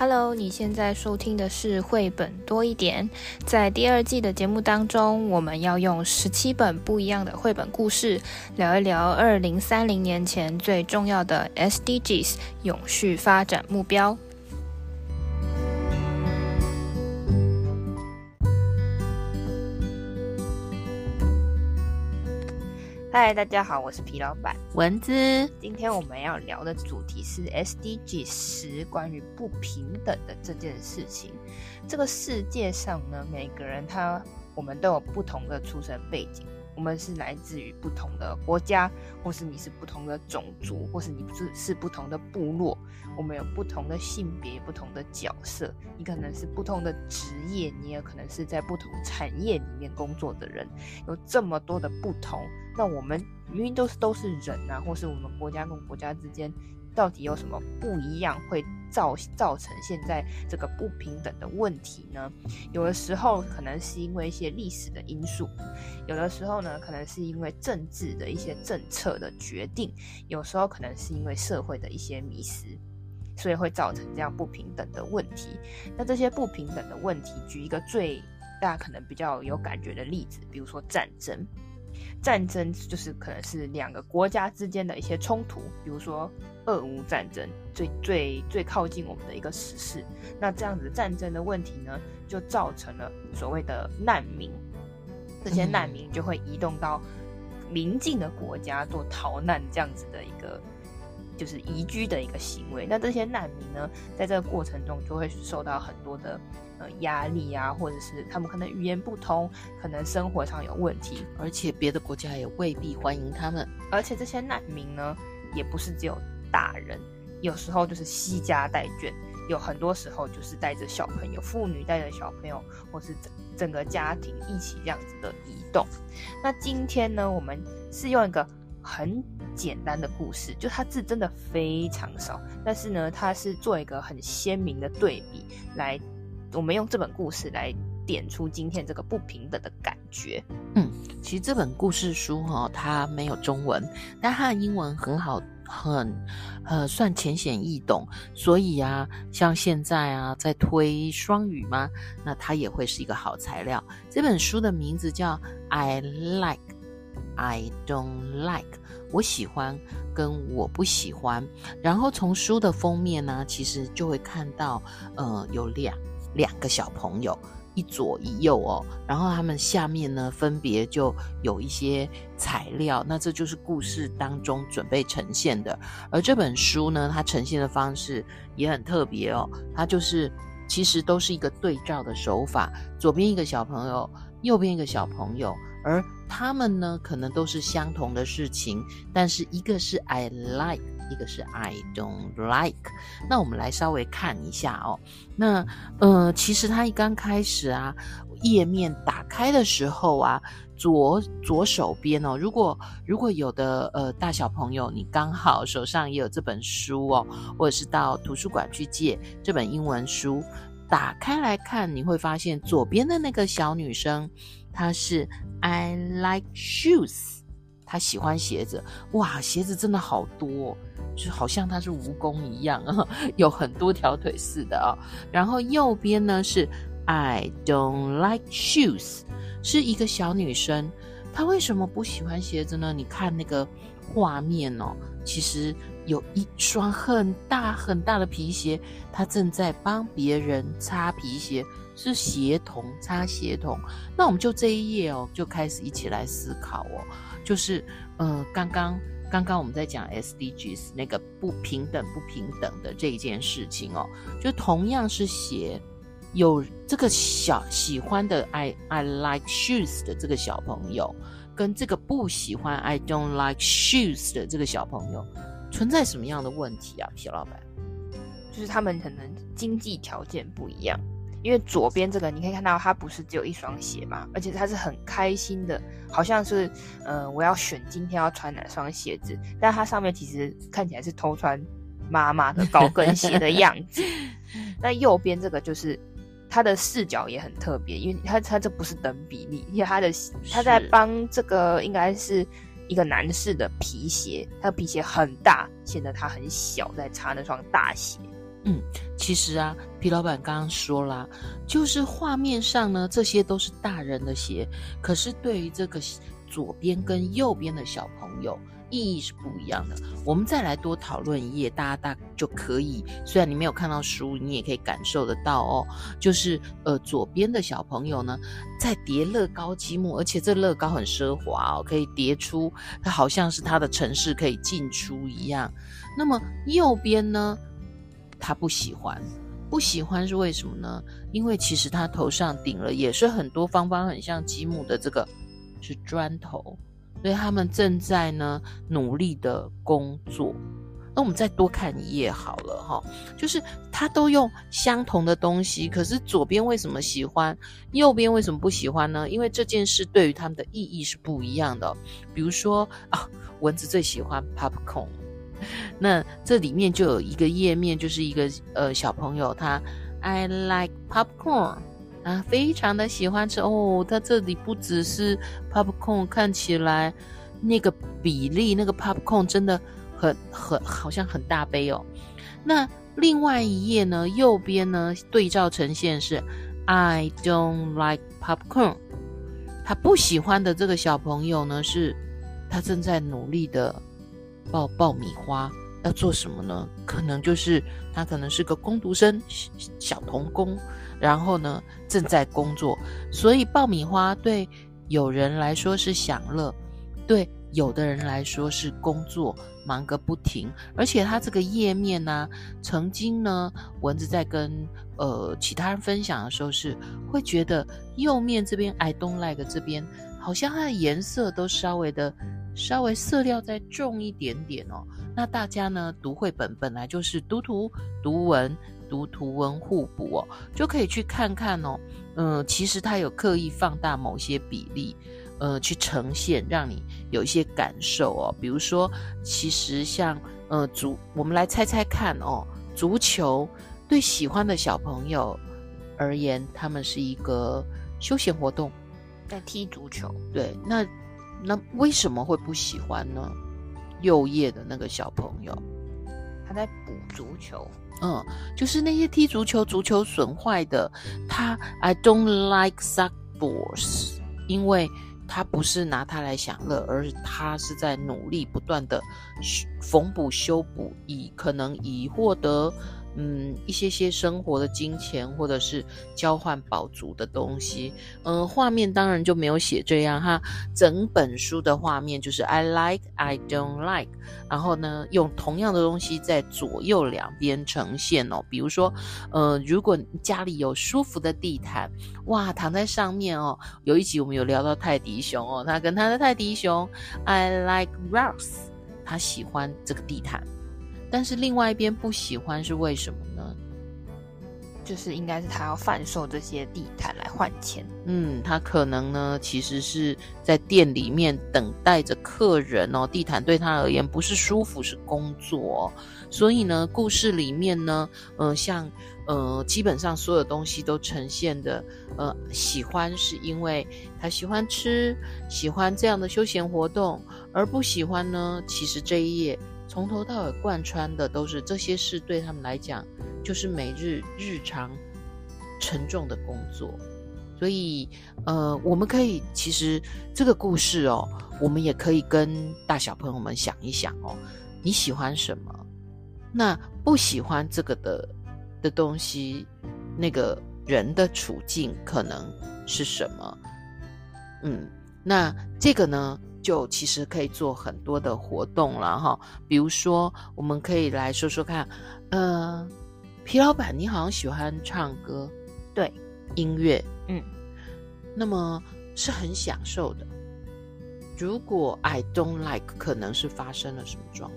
Hello，你現在收聽的是繪本多一點。在第二季的節目當中，我們要用十七本不一樣的繪本故事，聊一聊二零三零年前最重要的 SDGs 永續發展目標。嗨，大家好，我是皮老板文姿。今天我們要聊的主題是 SDG 十，關於不平等的這件事情。這個世界上呢，每個人他我們都有不同的出生背景。我們是來自於不同的國家，或是你是不同的種族，或是你是是不同的部落。我們有不同的性別、不同的角色，你可能是不同的職業，你也可能是在不同產業裡面工作的人。有這麼多的不同，那我們明明都是都是人啊，或是我們國家跟國家之間，到底有什麼不一樣，會造造成現在這個不平等的問題呢？有的時候可能是因為一些歷史的因素，有的時候呢可能是因為政治的一些政策的決定，有時候可能是因為社會的一些迷思，所以會造成這樣不平等的問題。那這些不平等的問題，舉一個最大可能比較有感覺的例子，比如說戰爭。戰爭就是可能是兩個國家之間的一些衝突，比如說俄烏戰爭，最最最靠近我們的一個時事。那這樣子戰爭的問題呢，就造成了所謂的難民，這些難民就會移動到鄰近的國家做逃難這樣子的一個就是移居的一個行為。那這些難民呢，在這個過程中就會受到很多的。呃，壓力啊，或者是他們可能語言不通，可能生活上有問題，而且別的國家也未必歡迎他們。而且這些難民呢，也不是只有大人，有時候就是攜家帶眷，有很多時候就是帶着小朋友、婦女帶着小朋友，或是整整個家庭一起這樣子的移動。那今天呢，我們是用一個很簡單的故事，就它字真的非常少，但是呢，它是做一個很鮮明的對比來。我們用這本故事來點出今天這個不平等的感覺。嗯，其實這本故事書哈、哦，它沒有中文，但它的英文很好，很呃算淺顯易懂。所以啊，像現在啊在推雙語嗎？那它也會是一個好材料。這本書的名字叫《I Like, I Don't Like》，我喜歡跟我不喜歡。然後從書的封面呢，其實就會看到呃有兩。兩個小朋友一左一右哦，然後他們下面呢，分別就有一些材料，那這就是故事當中準備呈現的。而這本書呢，它呈現的方式也很特別哦，它就是其實都是一個對照的手法，左邊一個小朋友，右邊一個小朋友，而他們呢可能都是相同的事情，但是一個是 I like。一個是 I don't like，那我們來稍微看一下哦。那呃，其實它一剛開始啊，頁面打開的時候啊，左左手邊哦，如果如果有的呃大小朋友，你剛好手上也有這本書哦，或者是到圖書館去借這本英文書，打開來看，你會發現左邊的那個小女生，她是 I like shoes，她喜歡鞋子,哇,鞋子真的好多哦。就好像他是蜈蚣一樣哦，有很多條腿似的啊哦。然後右邊呢是 I don't like shoes，是一個小女生，她為什麼不喜歡鞋子呢？你看那個畫面哦，其實有一雙很大很大的皮鞋，她正在幫別人擦皮鞋，是鞋童擦鞋童。那我們就這一頁哦，就開始一起來思考哦，就是呃剛剛。剛剛我們在講 SDGs 那個不平等、不平等的這一件事情哦，就同樣是鞋，有這個小喜歡的 I I like shoes 的這個小朋友，跟這個不喜歡 I don't like shoes 的這個小朋友，存在什麼樣的問題啊，小老板？就是他們可能經濟條件不一樣。因為左邊這個，你可以看到它不是只有一雙鞋嘛，而且它是很開心的，好像是，呃，我要選今天要穿哪雙鞋子。但它上面其實看起來是偷穿媽媽的高跟鞋的樣子。 那右邊這個就是它的視角也很特別，因為它他這不是等比例，因為它的它在幫這個應該是一個男士的皮鞋，它的皮鞋很大，顯得它很小在擦那雙大鞋。嗯，其實啊，皮老闆剛剛說啦，啊，就是畫面上呢，這些都是大人的鞋，可是對於這個左邊跟右邊的小朋友，意義是不一樣的。我們再來多討論一頁，大家大家就可以。雖然你沒有看到書，你也可以感受得到哦。就是呃，左邊的小朋友呢，在疊樂高積木，而且這樂高很奢華哦，可以疊出它，好像是他的城市可以進出一樣。那麼右邊呢？他不喜歡，不喜歡是為什麼呢？因為其實他頭上頂了也是很多方方很像積木的這個是磚頭，所以他們正在呢努力的工作。那我們再多看一頁好了哈、哦，就是他都用相同的東西，可是左邊為什麼喜歡，右邊為什麼不喜歡呢？因為這件事對於他們的意義是不一樣的、哦。比如說啊，蚊子最喜歡 popcorn。那這裡面就有一個頁面，就是一個呃小朋友，他 I like popcorn 啊，非常的喜歡吃哦。他這裡不只是 popcorn，看起來那個比例，那個 popcorn 真的很很好像很大杯哦。那另外一頁呢，右邊呢對照呈現是 I don't like popcorn，他不喜歡的這個小朋友呢是他正在努力的。爆爆米花要做什麼呢？可能就是他可能是個工讀生，小童工，然後呢正在工作，所以爆米花對有人來說是享樂，對有的人來說是工作，忙個不停。而且他這個頁面呢、啊，曾經呢，蚊子在跟呃其他人分享的時候是會覺得右面這邊 I don't like 這邊，好像它的顏色都稍微的。稍微色調再重一點點哦，那大家呢讀繪本本來就是讀圖、讀文、讀圖文互補哦，就可以去看看哦。嗯、呃，其實他有刻意放大某些比例，呃，去呈現讓你有一些感受哦。比如說，其實像呃足，我們來猜猜看哦，足球對喜歡的小朋友而言，他們是一個休閒活動，在踢足球。對，那。那為什麼會不喜歡呢？右頁的那個小朋友，他在補足球，嗯，就是那些踢足球、足球損壞的，他 I don't like soccer balls，因為他不是拿它來享樂，而他是在努力不斷的縫補、補修補，以可能以獲得。嗯，一些些生活的金錢或者是交換寶足的東西，嗯、呃，畫面當然就沒有寫這樣哈。整本書的畫面就是 I like, I don't like，然後呢，用同樣的東西在左右兩邊呈現哦。比如說，呃，如果家裡有舒服的地毯，哇，躺在上面哦。有一集我們有聊到泰迪熊哦，他跟他的泰迪熊，I like rugs，他喜歡這個地毯。但是另外一邊不喜歡是為什麼呢？就是應該是他要販售這些地毯來換錢。嗯，他可能呢，其實是在店裡面等待着客人哦。地毯對他而言不是舒服，是工作。所以呢，故事裡面呢，嗯、呃，像呃，基本上所有東西都呈現的，呃，喜歡是因為他喜歡吃，喜歡這樣的休閒活動，而不喜歡呢，其實這一頁。從頭到尾貫穿的都是這些事，對他們來講，就是每日日常沉重的工作。所以，呃，我們可以其實這個故事哦，我們也可以跟大小朋友們想一想哦，你喜歡什麼？那不喜歡這個的的東西，那個人的處境可能是什麼？嗯，那這個呢？就其實可以做很多的活動了哈，比如說我們可以來說說看，呃，皮老板，你好像喜歡唱歌，對，音樂，嗯，那麼是很享受的。如果 I Don't Like，可能是發生了什麼狀況？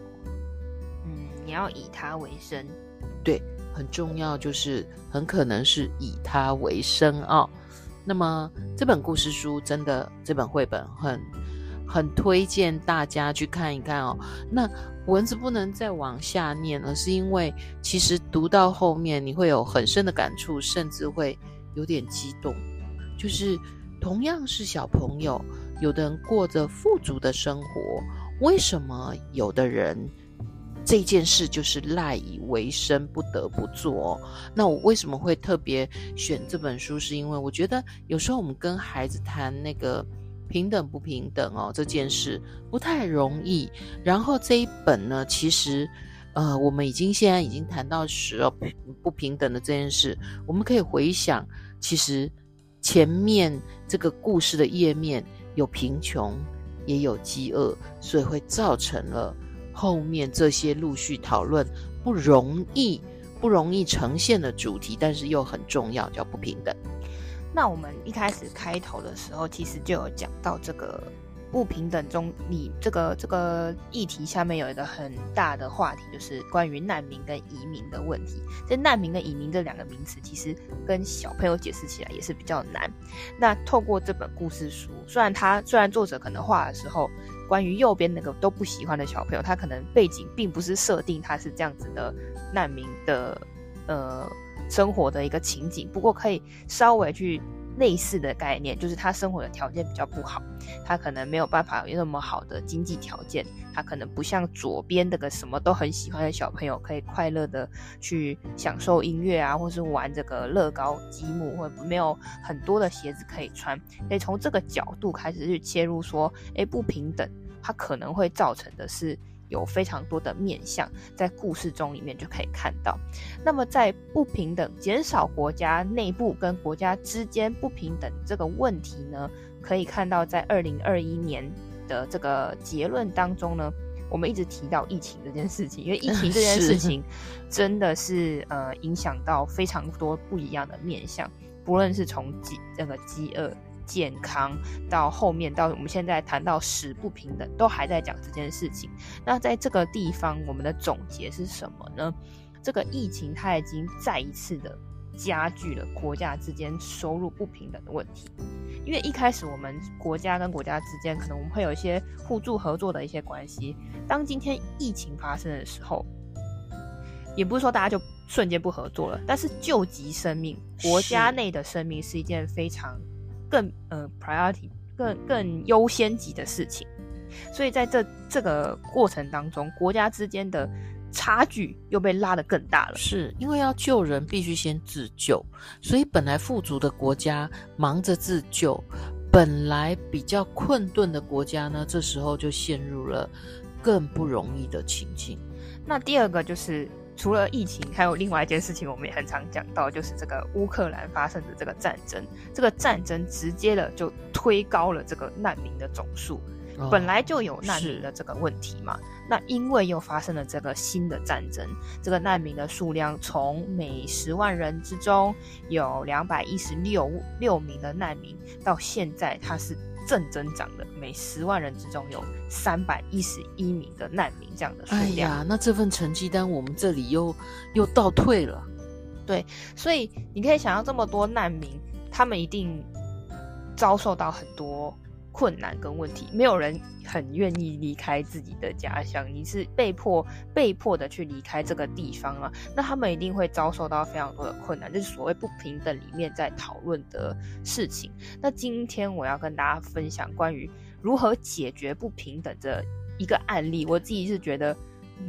嗯，你要以他為生，對，很重要，就是很可能是以他為生啊、哦。那麼這本故事書真的，這本繪本很。很推薦大家去看一看哦。那文字不能再往下念了，是因為其實讀到後面你會有很深的感觸，甚至會有點激動。就是同樣是小朋友，有的人過着富足的生活，為什麼有的人這件事就是賴以為生，不得不做？那我為什麼會特別選這本書？是因為我覺得有時候我們跟孩子談那個。平等不平等哦，這件事不太容易。然後這一本呢，其實，呃，我們已經現在已經談到時候、哦、平不平等的這件事，我們可以回想，其實前面這個故事的頁面有貧窮，也有飢餓，所以會造成了後面這些陸續討論不容易不容易呈現的主題，但是又很重要，叫不平等。那我們一開始開頭的時候，其實就有講到這個不平等中，你這個這個議題下面有一個很大的話題，就是關於難民跟移民的問題。這難民跟移民這兩個名詞，其實跟小朋友解釋起來也是比較難。那透過這本故事書，雖然他雖然作者可能畫的時候，關於右邊那個都不喜歡的小朋友，他可能背景並不是設定他是這樣子的難民的，呃。生活的一個情景，不過可以稍微去類似的概念，就是他生活的條件比較不好，他可能沒有辦法有那麼好的經濟條件，他可能不像左邊這個什麼都很喜歡的小朋友，可以快樂的去享受音樂啊，或是玩這個樂高積木，或沒有很多的鞋子可以穿，所以從這個角度開始去切入，說，誒，不平等，它可能會造成的是。有非常多的面向，在故事中裡面就可以看到。那麼，在不平等減少國家內部跟國家之間不平等這個問題呢，可以看到在二零二一年的這個結論當中呢，我們一直提到疫情這件事情，因為疫情這件事情真的是，是，真的是呃影響到非常多不一樣的面向，不論是從飢這個飢餓。健康到後面到我們現在談到十不平等，都還在講這件事情。那在這個地方，我們的總結是什麼呢？這個疫情它已經再一次的加劇了國家之間收入不平等的問題。因為一開始我們國家跟國家之間，可能我們會有一些互助合作的一些關係。當今天疫情發生的時候，也不是說大家就瞬間不合作了，但是救急生命，國家內的生命是一件非常。更呃，priority 更更優先級的事情，所以在這這個過程當中，國家之間的差距又被拉得更大了。是因為要救人，必須先自救，所以本來富足的國家忙着自救，本來比較困頓的國家呢，這時候就陷入了更不容易的情境。那第二個就是。除了疫情，還有另外一件事情，我們也很常講到，就是這個烏克蘭發生的這個戰爭。這個戰爭直接的就推高了這個難民的總數。哦，本來就有難民的這個問題嘛，那因為又發生了這個新的戰爭，這個難民的數量從每十萬人之中有兩百一十六六名的難民，到現在它是。正增長的，每十萬人之中有三百一十一名的難民這樣的數量。哎呀，那這份成績單我們這裡又又倒退了。對，所以你可以想到這麼多難民，他們一定遭受到很多。困難跟問題，沒有人很願意離開自己的家鄉，你是被迫、被迫的去離開這個地方了，那他們一定會遭受到非常多的困難，就是所謂不平等裡面在討論的事情。那今天我要跟大家分享關於如何解決不平等的一個案例，我自己是覺得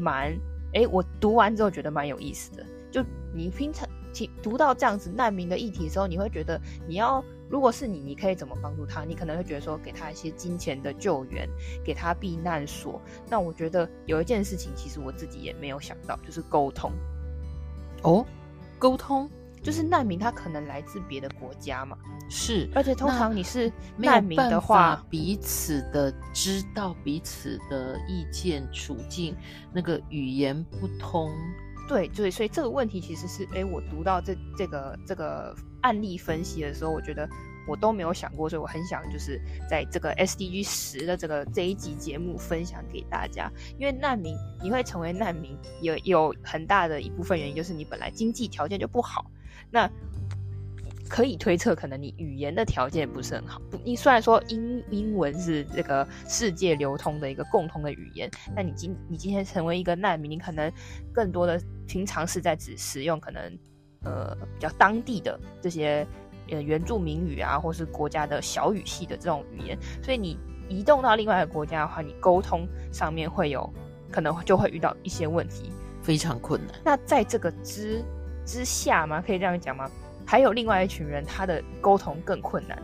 蠻……誒，我讀完之後覺得蠻有意思的。就你平常聽讀到這樣子難民的議題的時候，你會覺得你要。如果是你，你可以怎麼幫助他？你可能會覺得說，給他一些金錢的救援，給他避難所。那我覺得有一件事情，其實我自己也沒有想到，就是溝通。哦，溝通，就是難民他可能來自別的國家嘛。是，而且通常你是難民的話，彼此的知道彼此的意見處境，嗯、那個語言不通。對對，所以這個問題其實是，誒，我讀到這這個這個。這個案例分析的時候，我覺得我都沒有想過，所以我很想就是在這個 S D G 十的這個這一集節目分享給大家。因為難民，你會成為難民，有有很大的一部分原因就是你本來經濟條件就不好，那可以推測，可能你語言的條件不是很好。你雖然說英英文是這個世界流通的一個共通的語言，那你今你今天成為一個難民，你可能更多的平常是在只使用可能。呃，比較當地的這些呃原住民語啊，或是國家的小語系的這種語言，所以你移動到另外一個國家的話，你溝通上面會有可能就會遇到一些問題，非常困難。那在這個之之下嗎？可以這樣講嗎？還有另外一群人，他的溝通更困難，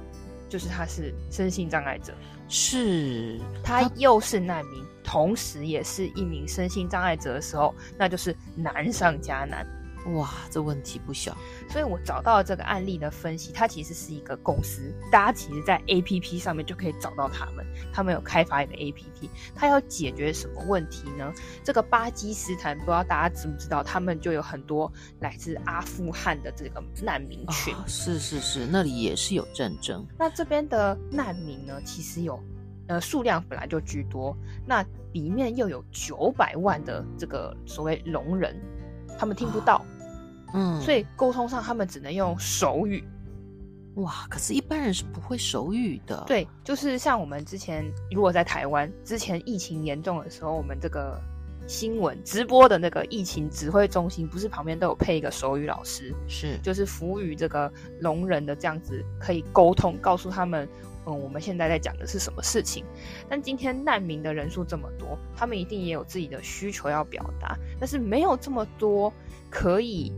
就是他是身心障礙者，是他，他又是難民，同時也是一名身心障礙者的時候，那就是難上加難。哇，這問題不小。所以我找到這個案例的分析，它其實是一個公司，大家其實在 A P P 上面就可以找到他們。他們有開發一個 A P P，它要解決什麼問題呢？這個巴基斯坦，不知道大家知不知道，他們就有很多來自阿富汗的這個難民群。哦、是是是，那裡也是有戰爭。那這邊的難民呢，其實有呃數量本來就居多，那裡面又有九百萬的這個所謂聾人，他們聽不到、啊。嗯，所以溝通上他們只能用手語。哇，可是一般人是不會手語的。對，就是像我們之前如果在台灣之前疫情嚴重的時候，我們這個新聞直播的那個疫情指揮中心，不是旁邊都有配一個手語老師，是就是服務於這個聾人的這樣子可以溝通，告訴他們嗯我們現在在講的是什麼事情。但今天難民的人數這麼多，他們一定也有自己的需求要表達，但是沒有這麼多可以。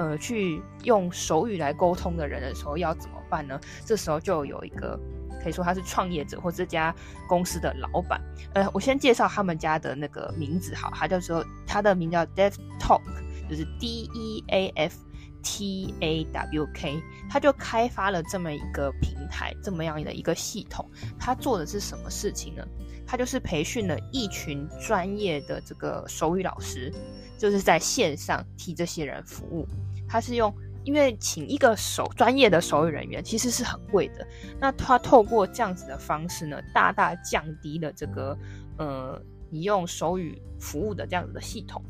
呃，去用手語來溝通的人的時候要怎麼辦呢？這時候就有一個可以說他是創業者或這家公司的老板。呃，我先介紹他們家的那個名字好，他叫做、就是、他的名叫 Deaf Tawk，就是 D E A F T A W K，他就開發了這麼一個平台，這麼樣的一個系統。他做的是什麼事情呢？他就是培訓了一群專業的這個手語老師，就是在線上替這些人服務。他是用，因為請一個手專業的手語人員其實是很貴的，那他透過這樣子的方式呢，大大降低了這個，呃，你用手語服務的這樣子的系統，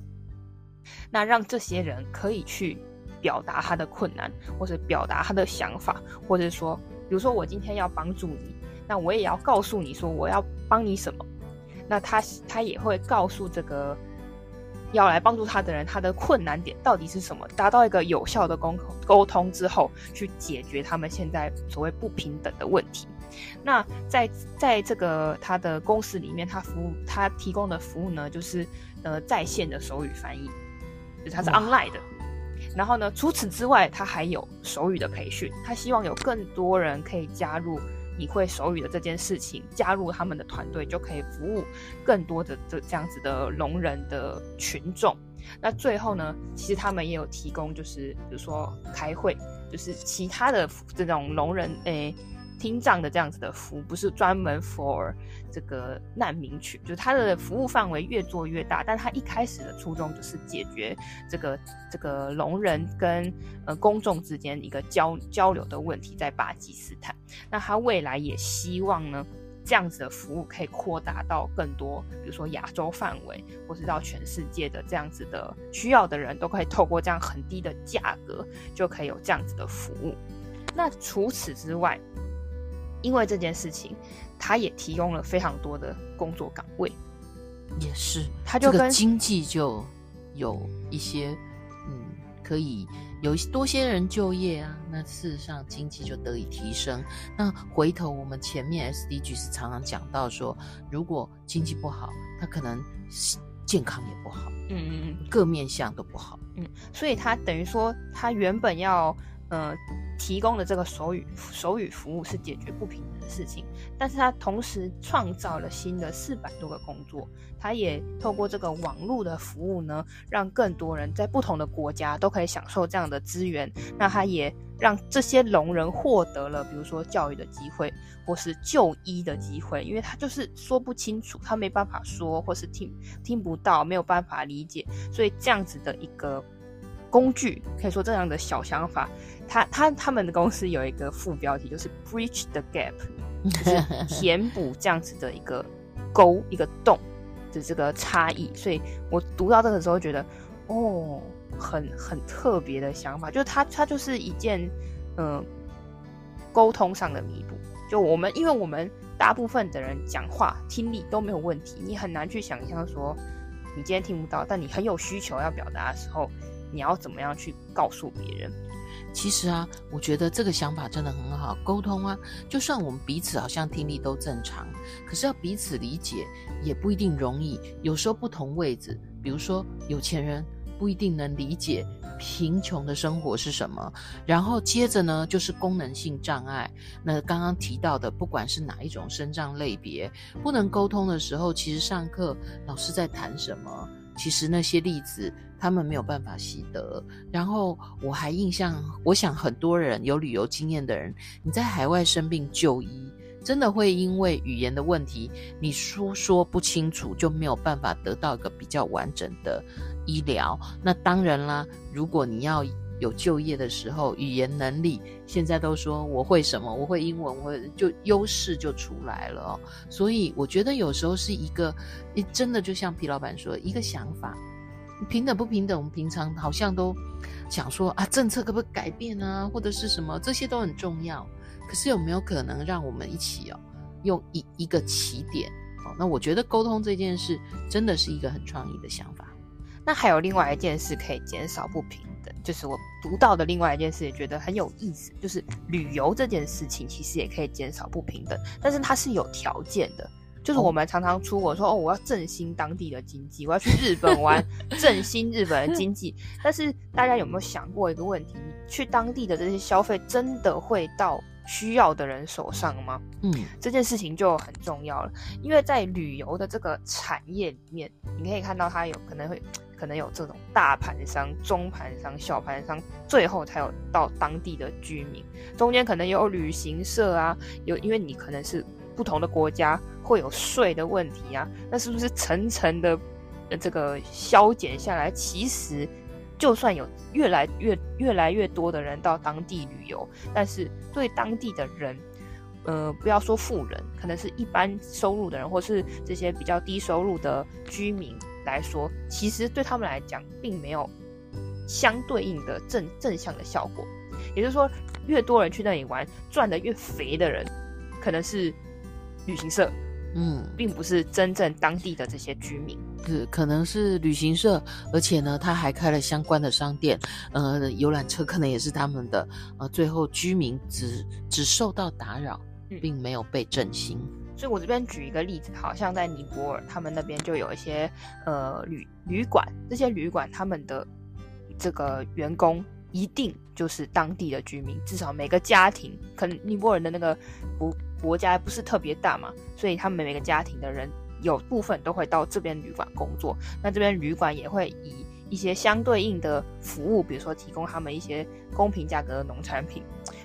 那讓這些人可以去表達他的困難，或者表達他的想法，或者說，比如說我今天要幫助你，那我也要告訴你說我要幫你什麼，那他他也會告訴這個。要來幫助他的人，他的困難點到底是什麼？達到一個有效的溝溝通之後，去解決他們現在所謂不平等的問題。那在在這個他的公司裡面，他服務他提供的服務呢，就是呃在線的手語翻譯，就是他是 online 的。然後呢，除此之外，他還有手語的培訓。他希望有更多人可以加入。你會手語的這件事情，加入他們的團隊就可以服務更多的這這樣子的聾人的群眾。那最後呢，其實他們也有提供，就是比如說開會，就是其他的這種聾人誒、欸、聽障的這樣子的服務，不是專門 for 這個難民群，就是他的服務範圍越做越大。但他一開始的初衷就是解決這個這個聾人跟呃公眾之間一個交交流的問題，在巴基斯坦。那他未來也希望呢，這樣子的服務可以擴大到更多，比如說亞洲範圍，或是到全世界的這樣子的需要的人，都可以透過這樣很低的價格，就可以有這樣子的服務。那除此之外，因為這件事情，他也提供了非常多的工作崗位，也是他就、這個、經濟就有一些。可以有多些人就業啊，那事實上經濟就得以提升。那回頭我們前面 SDG 是常常講到說，如果經濟不好，他可能健康也不好，嗯嗯嗯，各面向都不好嗯，嗯，所以他等於說他原本要。呃，提供的這個手語手語服務是解決不平等的事情，但是他同時創造了新的四百多個工作。他也透過這個網絡的服務呢，讓更多人在不同的國家都可以享受這樣的資源。那他也讓這些聾人獲得了，比如說教育的機會，或是就醫的機會。因為他就是說不清楚，他沒辦法說，或是聽聽不到，沒有辦法理解，所以這樣子的一個。工具可以說這樣的小想法，他他他們的公司有一個副標題，就是 bridge the gap，就是填補這樣子的一個溝一個洞的這個差異。所以我讀到這個的時候，覺得哦，很很特別的想法，就是它它就是一件嗯、呃、溝通上的彌補。就我們因為我們大部分的人講話聽力都沒有問題，你很難去想象說你今天聽不到，但你很有需求要表達的時候。你要怎麼樣去告訴別人？其實啊，我覺得這個想法真的很好，溝通啊，就算我們彼此好像聽力都正常，可是要彼此理解也不一定容易。有時候不同位置，比如說有錢人不一定能理解貧窮的生活是什麼。然後接着呢，就是功能性障礙。那剛剛提到的，不管是哪一種身障類別，不能溝通的時候，其實上課老師在談什麼？其實那些例子。他們沒有辦法習得。然後我還印象，我想很多人有旅遊經驗的人，你在海外生病就醫，真的會因為語言的問題，你訴說，說不清楚，就沒有辦法得到一個比較完整的醫療。那當然啦，如果你要有就業的時候，語言能力現在都說我會什麼，我會英文，我就優勢就出來了哦。所以我覺得有時候是一個，真的就像皮老板說，一個想法。平等不平等，我們平常好像都想說啊，政策可不可以改變啊，或者是什麼，這些都很重要。可是有沒有可能讓我們一起哦，用一一個起點哦？那我覺得溝通這件事真的是一個很創意的想法。那還有另外一件事可以減少不平等，就是我讀到的另外一件事也覺得很有意思，就是旅遊這件事情其實也可以減少不平等，但是它是有條件的。就是我們常常出國說哦，我要振興當地的經濟，我要去日本玩， 振興日本的經濟。但是大家有沒有想過一個問題？去當地的這些消費，真的會到需要的人手上嗎？嗯，這件事情就很重要了。因為在旅遊的這個產業裡面，你可以看到它有可能會，可能有這種大盤商、中盤商、小盤商，最後才有到當地的居民。中間可能有旅行社啊，有，因為你可能是。不同的國家會有稅的問題啊，那是不是層層的這個削減下來？其實，就算有越來越越來越多的人到當地旅遊，但是對當地的人，呃，不要說富人，可能是一般收入的人，或是這些比較低收入的居民來說，其實對他們來講，並沒有相對應的正正向的效果。也就是說，越多人去那裡玩，賺得越肥的人，可能是。旅行社，嗯，並不是真正當地的這些居民，嗯、是可能是旅行社，而且呢，他還開了相關的商店，呃，遊覽車可能也是他們的，呃，最後居民只只受到打擾，並沒有被振興。嗯、所以我這邊舉一個例子，好像在尼泊爾，他們那邊就有一些呃旅旅館，這些旅館他們的這個員工一定就是當地的居民，至少每個家庭，可能尼泊爾的那個不。國家不是特別大嘛，所以他們每個家庭的人有部分都會到這邊旅館工作。那這邊旅館也會以一些相對應的服務，比如說提供他們一些公平價格的農產品，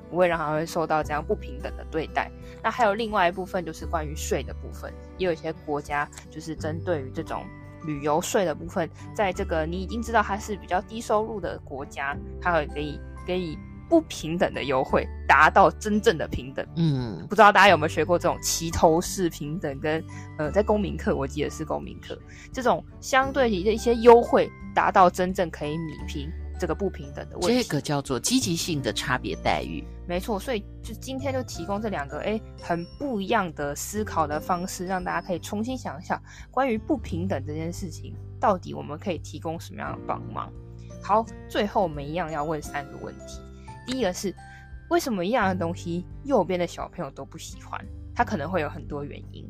不會讓他們受到這樣不平等的對待。那還有另外一部分就是關於稅的部分，也有一些國家就是針對於這種旅遊稅的部分，在這個你已經知道它是比較低收入的國家，它會可以可以。可以不平等的優惠，達到真正的平等。嗯，不知道大家有沒有學過這種齊頭式平等跟，跟呃，在公民課我記得是公民課，這種相對的一些優惠，達到真正可以弭平這個不平等的問題。這個叫做積極性的差別待遇。沒錯，所以就今天就提供這兩個，哎、欸，很不一樣的思考的方式，讓大家可以重新想一想關於不平等這件事情，情到底我們可以提供什麼樣的幫忙？好，最後我們一樣要問三個問題。第一個是，為什麼一樣的東西，右邊的小朋友都不喜歡？他可能會有很多原因。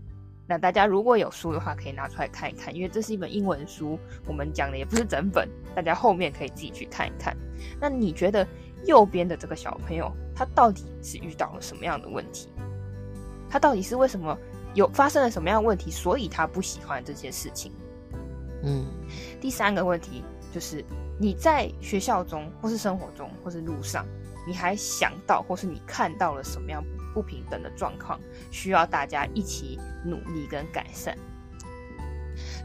那大家如果有書的話，可以拿出來看一看，因為這是一本英文書，我們講的也不是整本，大家後面可以自己去看一看。那你覺得右邊的這個小朋友，他到底是遇到了什麼樣的問題？他到底是為什麼有發生了什麼樣的問題，所以他不喜歡這些事情？嗯。第三個問題就是你在學校中，或是生活中，或是路上。你還想到或是你看到了什麼樣不平等的狀況，需要大家一起努力跟改善？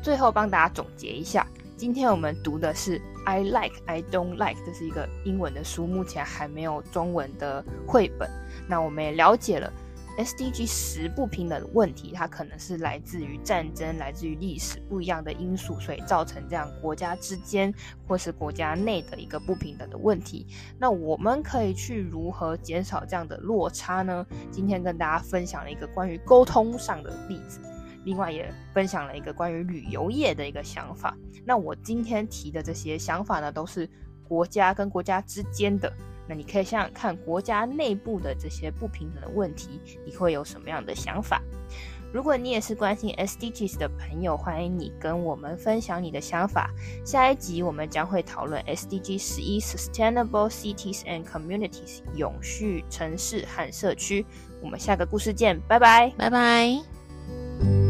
最後幫大家總結一下，今天我們讀的是 I Like, I Don't Like，這是一個英文的書，目前還沒有中文的繪本。那我們也了解了。SDG10 不平等的問題，它可能是來自於戰爭，來自於歷史不一樣的因素，所以造成這樣國家之間或是國家內的一個不平等的問題。那我們可以去如何減少這樣的落差呢？今天跟大家分享了一個關於溝通上的例子，另外也分享了一個關於旅遊業的一個想法。那我今天提的這些想法呢，都是國家跟國家之間的。那你可以想想看，國家內部的這些不平等的問題，你會有什麼樣的想法？如果你也是關心 SDGs 的朋友，歡迎你跟我們分享你的想法。下一集我們將會討論 SDG 十一 Sustainable Cities and Communities，永續城市和社區。我們下個故事見，拜拜，拜拜。